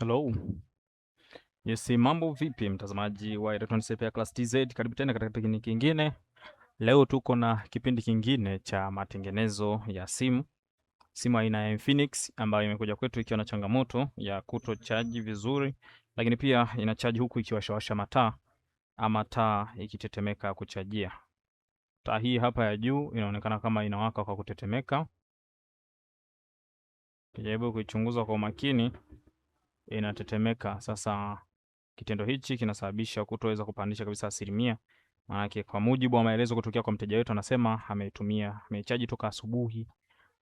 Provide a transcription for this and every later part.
Hello. Yes, mambo vipi mtazamaji wa Electronics Repair Class TZ, karibu tena katika kipindi kingine. Leo tuko na kipindi kingine cha matengenezo ya simu, simu aina ya Infinix ambayo imekuja kwetu ikiwa na changamoto ya kuto chaji vizuri, lakini pia ina chaji huku ikiwashawasha mataa ama taa ikitetemeka kuchajia. Taa hii hapa ya juu inaonekana kama inawaka kwa kutetemeka. Kijaribu kuichunguza kwa umakini inatetemeka. Sasa kitendo hichi kinasababisha kutoweza kupandisha kabisa asilimia. Maanake kwa mujibu wa maelezo kutokea kwa mteja wetu, anasema ametumia ameichaji toka asubuhi,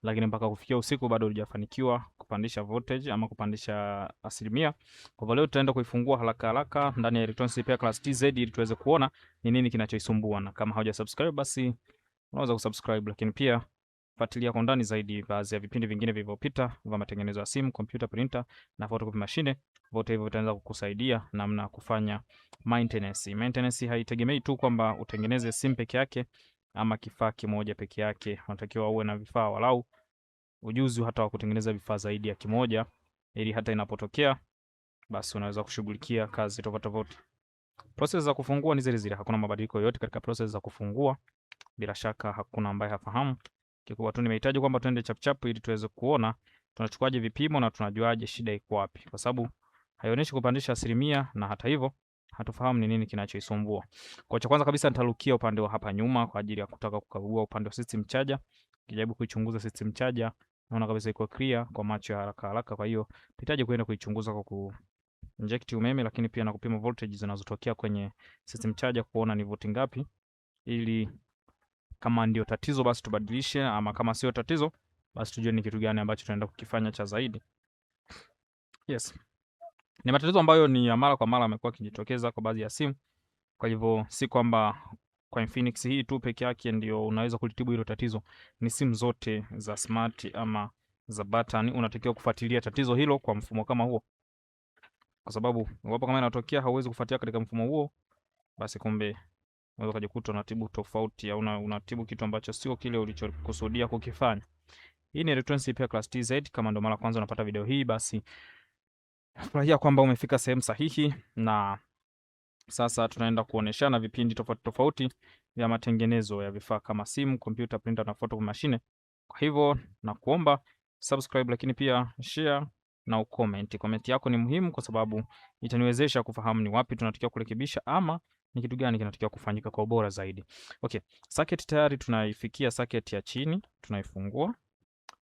lakini mpaka kufikia usiku bado hujafanikiwa kupandisha voltage ama kupandisha asilimia. Kwa hivyo leo tutaenda kuifungua haraka haraka ndani ya Electronics Repair Class TZ ili tuweze kuona ni nini kinachoisumbua, na kama hauja subscribe basi unaweza kusubscribe, lakini pia Fuatilia kwa undani zaidi baadhi ya vipindi vingine vilivyopita vya matengenezo ya simu, kompyuta, printer na photocopy machine. Vyote hivyo vitaanza kukusaidia namna ya kufanya maintenance. Maintenance haitegemei tu kwamba utengeneze simu peke yake ama kifaa kimoja peke yake, unatakiwa uwe na vifaa walau ujuzi hata wa kutengeneza vifaa zaidi ya kimoja, ili hata inapotokea basi unaweza kushughulikia kazi tofauti tofauti. Process za kufungua ni zile zile, hakuna mabadiliko yoyote katika process za kufungua. Bila shaka hakuna ambaye hafahamu kikubwa tu nimehitaji kwamba tuende chapchap ili tuweze kuona tunachukuaje vipimo na tunajuaje shida iko wapi, kwa sababu haionyeshi kupandisha asilimia, na hata hivyo hatufahamu ni nini kinachoisumbua. Kwa cha kwanza kabisa nitarukia upande wa hapa nyuma kwa ajili ya kutaka kukagua upande wa system chaja. Kijaribu kuichunguza system chaja, naona kabisa iko clear kwa macho ya haraka haraka, kwa hiyo nitahitaji kwenda kuichunguza kwa ku inject umeme, lakini pia na kupima voltage zinazotokea kwenye system chaja kuona ni voti ngapi ili kama ndio tatizo, basi tubadilishe, ama kama sio tatizo, basi tujue ni kitu gani ambacho tunaenda kukifanya cha zaidi. Yes, ni matatizo ambayo ni ya mara kwa mara amekuwa akijitokeza kwa baadhi ya simu. Kwa hivyo si kwamba kwa Infinix hii tu peke yake ndio unaweza kulitibu hilo tatizo, ni simu zote za smart ama za button, unatakiwa kufuatilia tatizo hilo kwa mfumo kama huo, kwa sababu iwapo kama inatokea hauwezi kufuatilia katika mfumo huo, basi kumbe unaweza kujikuta unatibu tofauti au unatibu kitu ambacho sio kile ulichokusudia kukifanya. Hii ni Retrance repair class TZ. Kama ndo mara kwanza unapata video hii, basi nafurahia kwamba umefika sehemu sahihi, na sasa tunaenda kuoneshana vipindi tofauti tofauti vya matengenezo ya vifaa kama simu, kompyuta, printer na photo machine. Kwa hivyo na kuomba subscribe, lakini pia share na ucomment. Comment yako ni muhimu kwa sababu itaniwezesha kufahamu ni wapi tunatakiwa kurekebisha ama ni kitu gani kinatakiwa kufanyika kwa ubora zaidi. Okay, socket tayari tunaifikia socket ya chini, tunaifungua.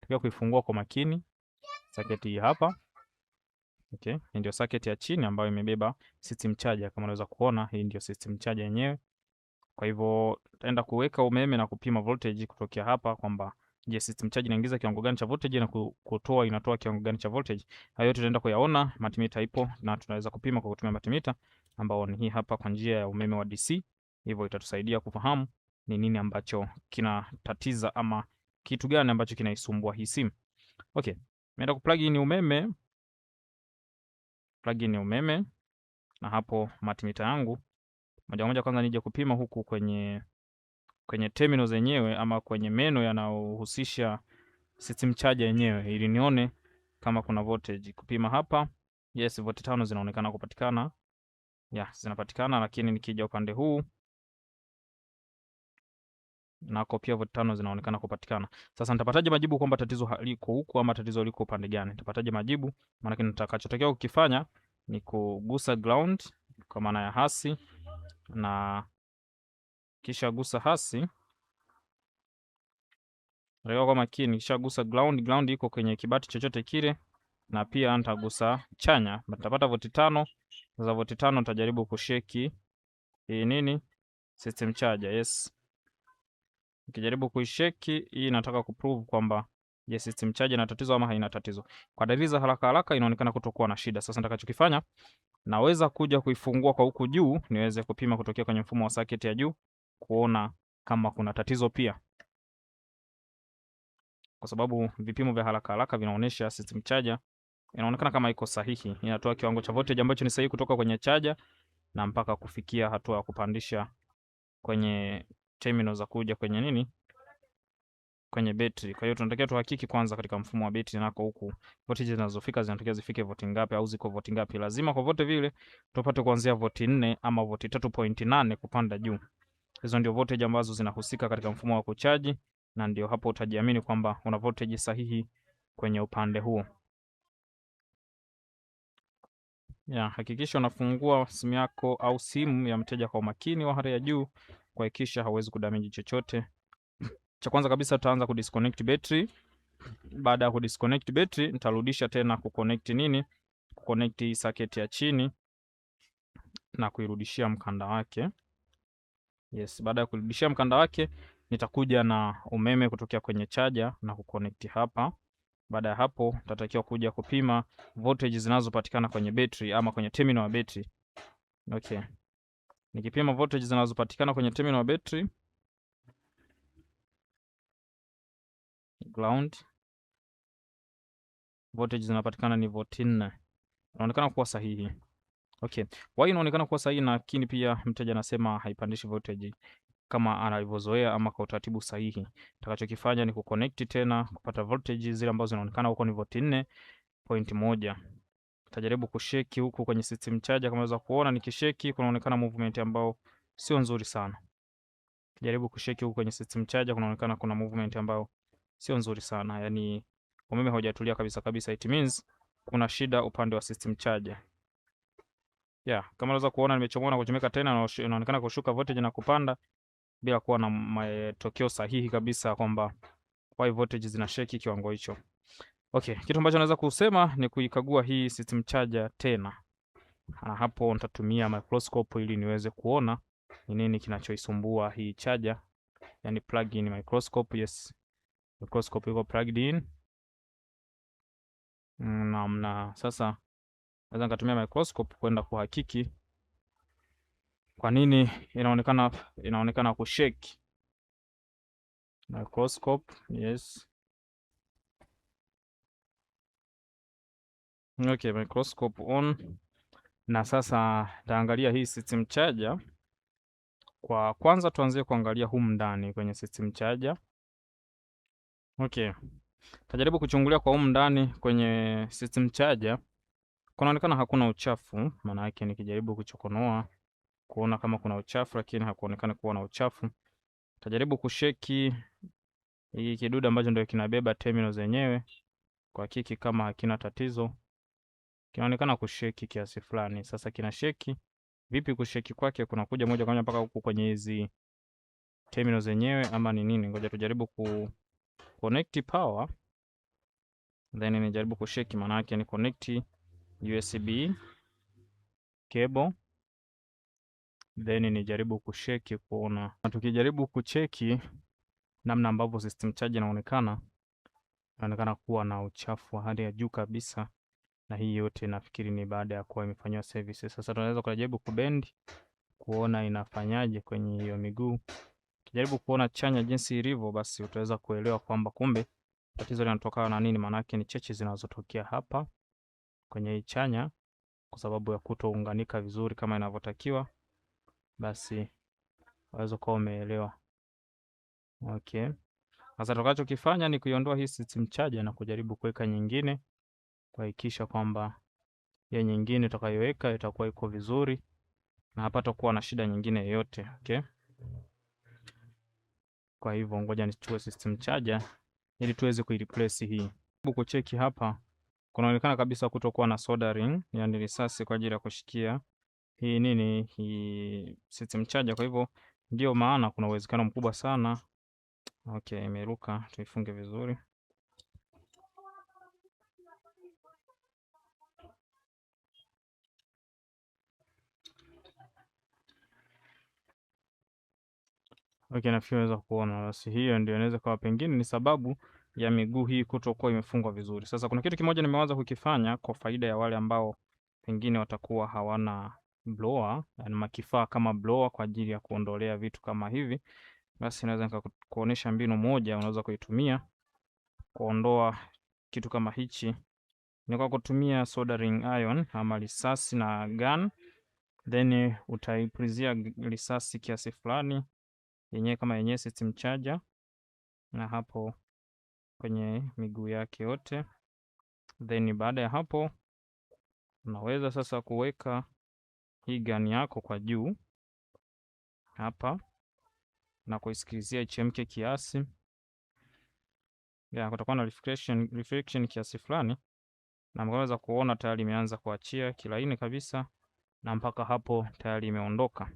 Tukiwa kuifungua kwa makini. Socket hii hapa. Okay, hii ndio socket ya chini ambayo imebeba system charger kama unaweza kuona, hii ndio system charger yenyewe. Kwa hivyo tutaenda kuweka umeme na kupima voltage kutokea hapa kwamba je, system charge inaingiza kiwango gani cha voltage na kutoa inatoa kiwango gani cha voltage. Hayo yote tutaenda kuyaona, multimeter ipo na tunaweza kupima kwa kutumia multimeter ambao ni hii hapa kwa njia ya umeme wa DC. Hivyo itatusaidia kufahamu ni nini ambacho kinatatiza ama kitu gani ambacho kinaisumbua hii simu. Okay, nimeenda ku plug in umeme, plug in umeme na hapo matimita yangu moja kwa moja. Kwanza nije kupima huku kwenye kwenye terminal zenyewe ama kwenye meno yanayohusisha system charger yenyewe ili nione kama kuna voltage kupima hapa. Yes, volti tano zinaonekana kupatikana yeah, zinapatikana, lakini nikija upande huu nako pia vote tano zinaonekana kupatikana. Sasa nitapataje majibu kwamba tatizo haliko huku ama tatizo liko upande gani? Nitapataje majibu? Maana kile nitakachotakiwa kukifanya ni kugusa ground kwa maana ya hasi na kisha gusa hasi Rega kwa makini, kisha gusa ground. Ground iko kwenye kibati chochote kile, na pia nitagusa chanya, nitapata voti tano za voti tano utajaribu kusheki hii nini system charger. Yes, ukijaribu kuisheki hii inataka kuprove kwamba je, system charger ina tatizo ama haina tatizo. Kwa dalili za haraka haraka inaonekana kutokuwa na shida. Sasa nitakachokifanya naweza kuja kuifungua kwa huku juu niweze kupima kutokea kwenye mfumo wa socket ya juu kuona kama kuna tatizo pia, kwa sababu vipimo vya haraka haraka vinaonyesha system charger inaonekana kama iko sahihi, inatoa kiwango cha voltage ambacho ni sahihi kutoka kwenye chaja na mpaka kufikia hatua ya kupandisha kwenye terminal za kuja kwenye nini, kwenye betri. Kwa hiyo tunatakiwa tuhakiki kwanza katika mfumo wa betri nako huku voltage zinazofika zinatakiwa zifike voti ngapi au ziko voti ngapi. Lazima kwa vote vile tupate kuanzia voti 4 ama voti 3.8 kupanda juu. Hizo ndio voltage ambazo zinahusika katika mfumo wa kuchaji, na ndio hapo utajiamini kwamba una voltage sahihi kwenye upande huo ya hakikisha unafungua simu yako au simu ya mteja kwa umakini wa hali ya juu kuhakikisha hauwezi kudamage chochote. Cha kwanza kabisa tutaanza kudisconnect battery. Baada ya kudisconnect battery, nitarudisha tena kuconnect nini, kuconnect socket ya chini na kuirudishia mkanda wake. Yes, baada ya kurudishia mkanda wake nitakuja na umeme kutokea kwenye chaja na kuconnect hapa baada ya hapo, tutatakiwa kuja kupima voltage zinazopatikana kwenye betri ama kwenye terminal ya betri. Okay, nikipima voltage zinazopatikana kwenye terminal ya betri ground voltage zinapatikana ni volti 4. inaonekana kuwa sahihi. Okay, wai inaonekana kuwa sahihi, lakini pia mteja anasema haipandishi voltage kama anavyozoea ama kwa utaratibu sahihi. Nitakachokifanya ni kuconnect tena kupata voltage zile ambazo zinaonekana huko ni volt 4.1. Tajaribu kusheki huku kwenye system charger, kama unaweza kuona nikisheki kunaonekana movement ambao sio nzuri sana. Nikijaribu kusheki huku kwenye system charger kunaonekana kuna movement ambao sio nzuri sana. Yaani umeme haujatulia kabisa kabisa, it means kuna shida upande wa system charger. Yeah, kama unaweza kuona nimechomoa na kuchomeka tena, inaonekana kushuka voltage na kupanda bila kuwa na matokeo sahihi kabisa kwamba why voltage zinasheki kiwango hicho. Okay, kitu ambacho naweza kusema ni kuikagua hii system charger tena, na hapo nitatumia microscope ili niweze kuona ni nini kinachoisumbua hii charger, yani plug in microscope. Yes, microscope iko plugged in namna. Sasa naweza nikatumia microscope kwenda kuhakiki kwa nini inaonekana inaonekana kushake? Microscope, yes. Okay, microscope on. Na sasa taangalia hii system charger. Kwa kwanza tuanzie kuangalia humu ndani kwenye system charger. Okay. Tajaribu kuchungulia kwa humu ndani kwenye system charger. Kunaonekana hakuna uchafu, maana yake nikijaribu kuchokonoa kuona kama kuna uchafu, lakini hakuonekana kuwa na uchafu. Tajaribu kusheki hii kidude ambacho ndio kinabeba terminal zenyewe kwa kiki, kama hakina tatizo. Kinaonekana kusheki kiasi fulani. Sasa kina sheki vipi? Kusheki kwake kuna kuja moja kwa moja mpaka huku kwenye hizi terminal zenyewe ama ni nini? Ngoja tujaribu ku connect power then nijaribu kusheki, maana yake ni connect USB cable then nijaribu kusheki kuona, na tukijaribu kucheki namna ambavyo system charge inaonekana, inaonekana kuwa na uchafu wa hali ya juu kabisa, na hii yote nafikiri ni baada ya kuwa imefanyiwa service. Sasa tunaweza kujaribu kubend kuona inafanyaje kwenye hiyo miguu. Ukijaribu kuona chanya jinsi ilivyo, basi utaweza kuelewa kwamba kumbe tatizo linatokana na nini. Maanake ni cheche zinazotokea hapa kwenye hii chanya kwa sababu ya kutounganika vizuri kama inavyotakiwa basi waweza kuwa umeelewa. Okay. Sasa tukachokifanya ni kuiondoa hii system charger na kujaribu kuweka nyingine kuhakikisha kwamba ya nyingine utakayoweka itakuwa iko vizuri na hapatakuwa na shida nyingine yoyote. Okay. Kwa hivyo ngoja nichukue system charger ili tuweze kuireplace hii. Hebu Kucheki hapa kunaonekana kabisa kutokuwa na soldering, yani risasi kwa ajili ya kushikia hii nini hii system charge. Kwa hivyo ndio maana kuna uwezekano mkubwa sana okay, imeruka, tuifunge vizuri. Okay, nafikiri unaweza kuona basi, hiyo ndio inaweza kuwa pengine ni sababu ya miguu hii kutokuwa imefungwa vizuri. Sasa kuna kitu kimoja nimeanza kukifanya kwa faida ya wale ambao pengine watakuwa hawana blower, yani makifaa kama blower kwa ajili ya kuondolea vitu kama hivi, basi naweza nikakuonesha mbinu moja unaweza kuitumia kuondoa kitu kama hichi ni kwa kutumia soldering iron ama risasi na gun, then utaipulizia risasi kiasi fulani yenyewe kama yenyewe system charger, na hapo kwenye miguu yake yote, then baada ya hapo unaweza sasa kuweka hii gani yako kwa juu hapa na kuisikilizia ichemke kiasi ya, kutakuwa na reflection, reflection kiasi fulani, na mkaweza kuona tayari imeanza kuachia kilaini kabisa, na mpaka hapo tayari imeondoka.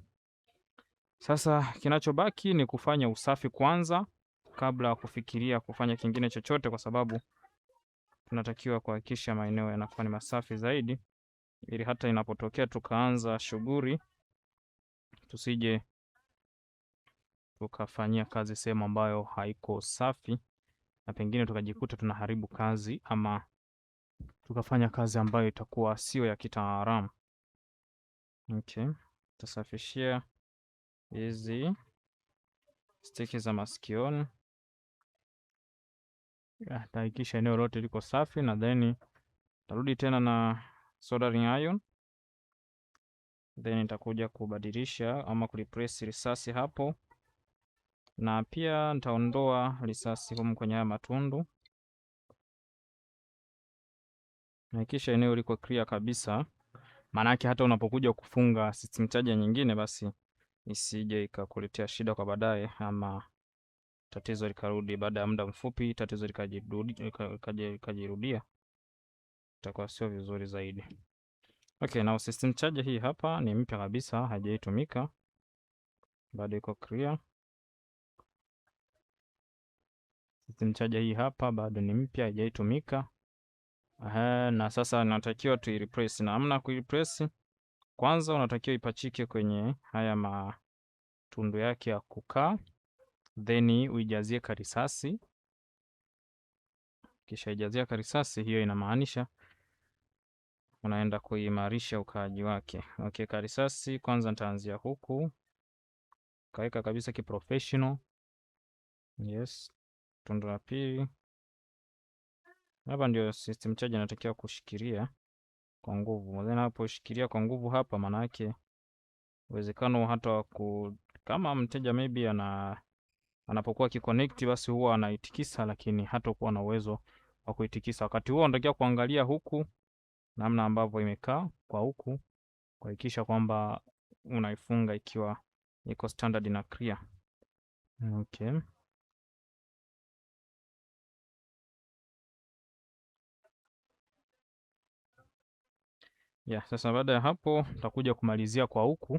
Sasa kinachobaki ni kufanya usafi kwanza kabla ya kufikiria kufanya kingine chochote, kwa sababu tunatakiwa kuhakikisha maeneo yanakuwa ni masafi zaidi ili hata inapotokea tukaanza shughuli tusije tukafanyia kazi sehemu ambayo haiko safi, na pengine tukajikuta tunaharibu kazi ama tukafanya kazi ambayo itakuwa sio ya kitaalamu. Okay, tasafishia hizi stiki za masikioni, tahakikisha eneo lote liko safi, na then tarudi tena na soldering iron, then nitakuja kubadilisha ama kureplace risasi hapo, na pia nitaondoa risasi humu kwenye haya matundu. kisha eneo liko clear kabisa, yake hata unapokuja kufunga system charger nyingine, basi isije ikakuletea shida kwa baadaye, ama tatizo likarudi baada ya muda mfupi, tatizo likajirudia itakuwa sio vizuri zaidi. Okay, now system charger hii hapa ni mpya kabisa, haijaitumika bado, iko clear. System charger hii hapa bado ni mpya, haijaitumika. Aha, na sasa natakiwa tu replace. na amna replace, kwanza, unatakiwa ipachike kwenye haya matundu yake ya kukaa, then uijazie karisasi. Kisha ijazia karisasi hiyo, inamaanisha unaenda kuimarisha ukaaji wake. Ukiweka risasi kwanza, nitaanzia huku, kaweka kabisa professional. Yes, tundu la pili hapa ndio system charge inatakiwa kushikilia kwa nguvu. Then shikilia kwa nguvu hapa, maana yake uwezekano hata wa ku kama mteja maybe ana anapokuwa kiconnect, basi huwa anaitikisa, lakini hatakuwa na uwezo wa kuitikisa. Wakati huo unatakiwa kuangalia huku namna ambavyo imekaa kwa huku, kuhakikisha kwamba unaifunga ikiwa iko standard na clear. Okay. Yeah, sasa baada ya hapo tutakuja kumalizia kwa huku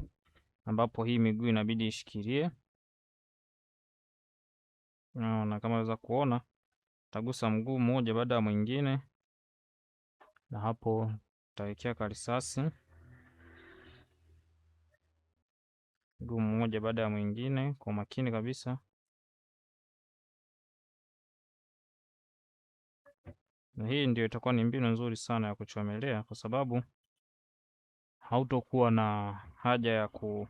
ambapo hii miguu inabidi ishikilie. Naona kama unaweza kuona tagusa mguu mmoja baada ya mwingine na hapo tutawekea karisasi gumu mmoja baada ya mwingine kwa makini kabisa, na hii ndio itakuwa ni mbinu nzuri sana ya kuchomelea, kwa sababu hautokuwa na haja ya ku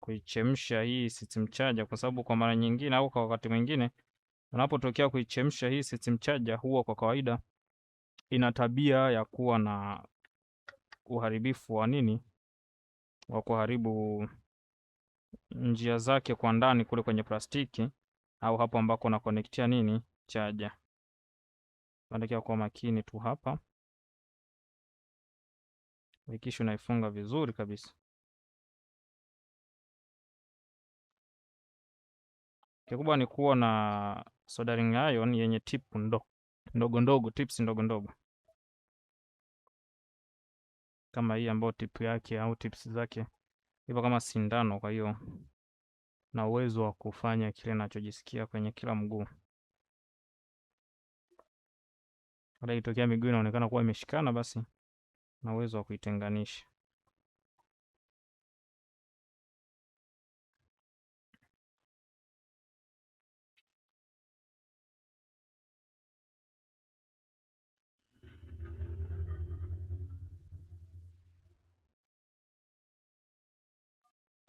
kuichemsha hii system charger, kwa sababu kwa mara nyingine au kwa wakati mwingine unapotokea kuichemsha hii system charger, huwa kwa kawaida ina tabia ya kuwa na uharibifu wa nini, wa kuharibu njia zake kwa ndani kule kwenye plastiki au hapo ambako unakonektia nini chaja. Unatakiwa kuwa makini tu hapa, hakikisha unaifunga vizuri kabisa. Kikubwa ni kuwa na soldering iron yenye tipu ndo ndogo ndogo, tips ndogo ndogo kama hii ambayo tip yake au tips zake ipo kama sindano. Kwa hiyo na uwezo wa kufanya kile nachojisikia kwenye kila mguu. Hata ikitokea miguu inaonekana kuwa imeshikana, basi na uwezo wa kuitenganisha.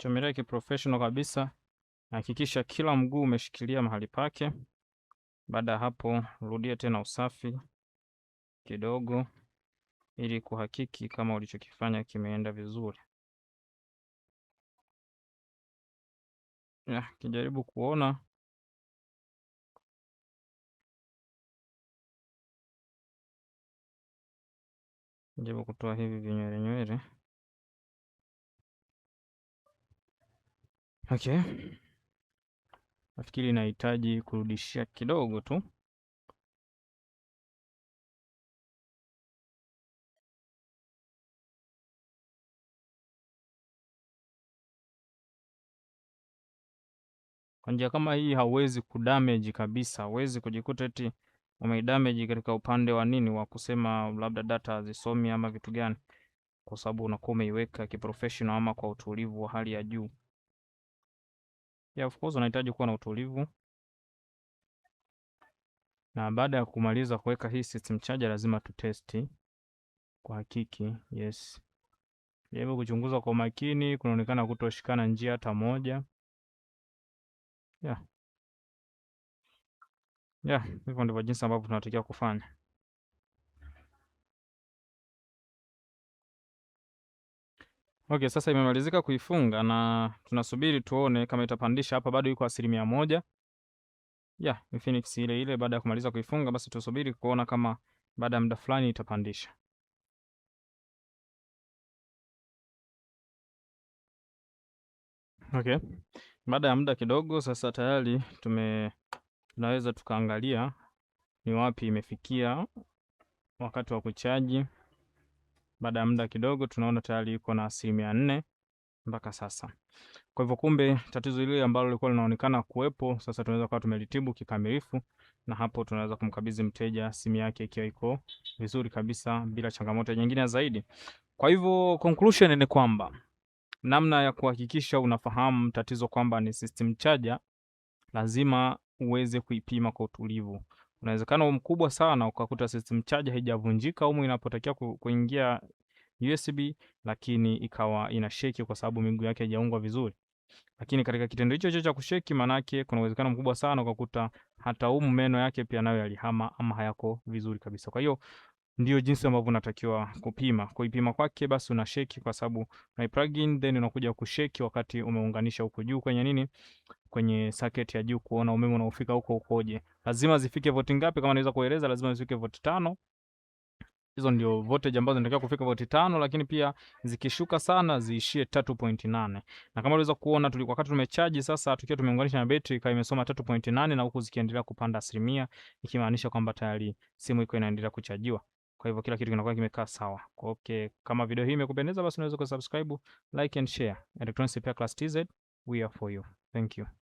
Chomelea kiprofessional kabisa. Hakikisha kila mguu umeshikilia mahali pake. Baada ya hapo, rudia tena usafi kidogo, ili kuhakiki kama ulichokifanya kimeenda vizuri. Ya, kijaribu kuona jaribu kutoa hivi vinywele nywele Okay, nafikiri nahitaji kurudishia kidogo tu. Kwa njia kama hii hauwezi kudamage kabisa, hauwezi kujikuta eti umeidamage katika upande wa nini wa kusema labda data hazisomi ama vitu gani, kwa sababu unakuwa umeiweka kiprofessional ama kwa utulivu wa hali ya juu. Yeah, of course unahitaji kuwa na utulivu, na baada ya kumaliza kuweka hii system charger lazima tutesti kwa hakiki. Yes, jaribu kuchunguza kwa makini, kunaonekana kutoshikana njia hata moja. Yeah, yeah, hivyo ndivyo jinsi ambavyo tunatakiwa kufanya. Okay, sasa imemalizika kuifunga na tunasubiri tuone kama itapandisha. Hapa bado iko asilimia moja ya yeah, Phoenix ile ile. Baada ya kumaliza kuifunga, basi tusubiri kuona kama baada ya muda fulani itapandisha. Okay, baada ya muda kidogo sasa tayari tume tunaweza tukaangalia ni wapi imefikia wakati wa kuchaji. Baada ya muda kidogo, tunaona tayari iko na asilimia nne mpaka sasa. Kwa hivyo, kumbe tatizo hili ambalo lilikuwa linaonekana kuwepo, sasa tunaweza kuwa tumelitibu kikamilifu, na hapo tunaweza kumkabidhi mteja simu yake ikiwa iko vizuri kabisa bila changamoto nyingine zaidi. Kwa hivyo, conclusion ni kwamba namna ya kuhakikisha unafahamu tatizo kwamba ni system charger, lazima uweze kuipima kwa utulivu unawezekano mkubwa sana ukakuta system charger haijavunjika humu inapotakiwa kuingia USB, lakini ikawa ina shake kwa sababu miguu yake haijaungwa vizuri. Lakini katika kitendo hicho hicho cha kusheki, manake kuna uwezekano mkubwa sana ukakuta hata humu meno yake pia nayo yalihama ama hayako vizuri kabisa. Kwa hiyo ndio jinsi ambavyo unatakiwa kupima. Kuipima kwake basi una sheki kwa sababu una plug in then unakuja kusheki wakati umeunganisha huko juu kwenye nini kwenye socket ya juu kuona umeme unaofika huko ukoje. Lazima zifike voti ngapi? Kama naweza kueleza, lazima zifike voti tano. Hizo ndio voltage ambazo zinatakiwa kufika voti tano, lakini pia zikishuka sana ziishie 3.8. Na kama unaweza kuona tulikuwa wakati tumechaji, sasa tukiwa tumeunganisha na betri ikawa imesoma 3.8 na huku zikiendelea kupanda asilimia, ikimaanisha kwamba tayari simu iko inaendelea kuchajiwa. Kwa hivyo kila kitu kinakuwa kimekaa sawa. Okay, kama video hii imekupendeza basi unaweza kusubscribe, like and share. Electronics Repair Class TZ, we are for you. Thank you.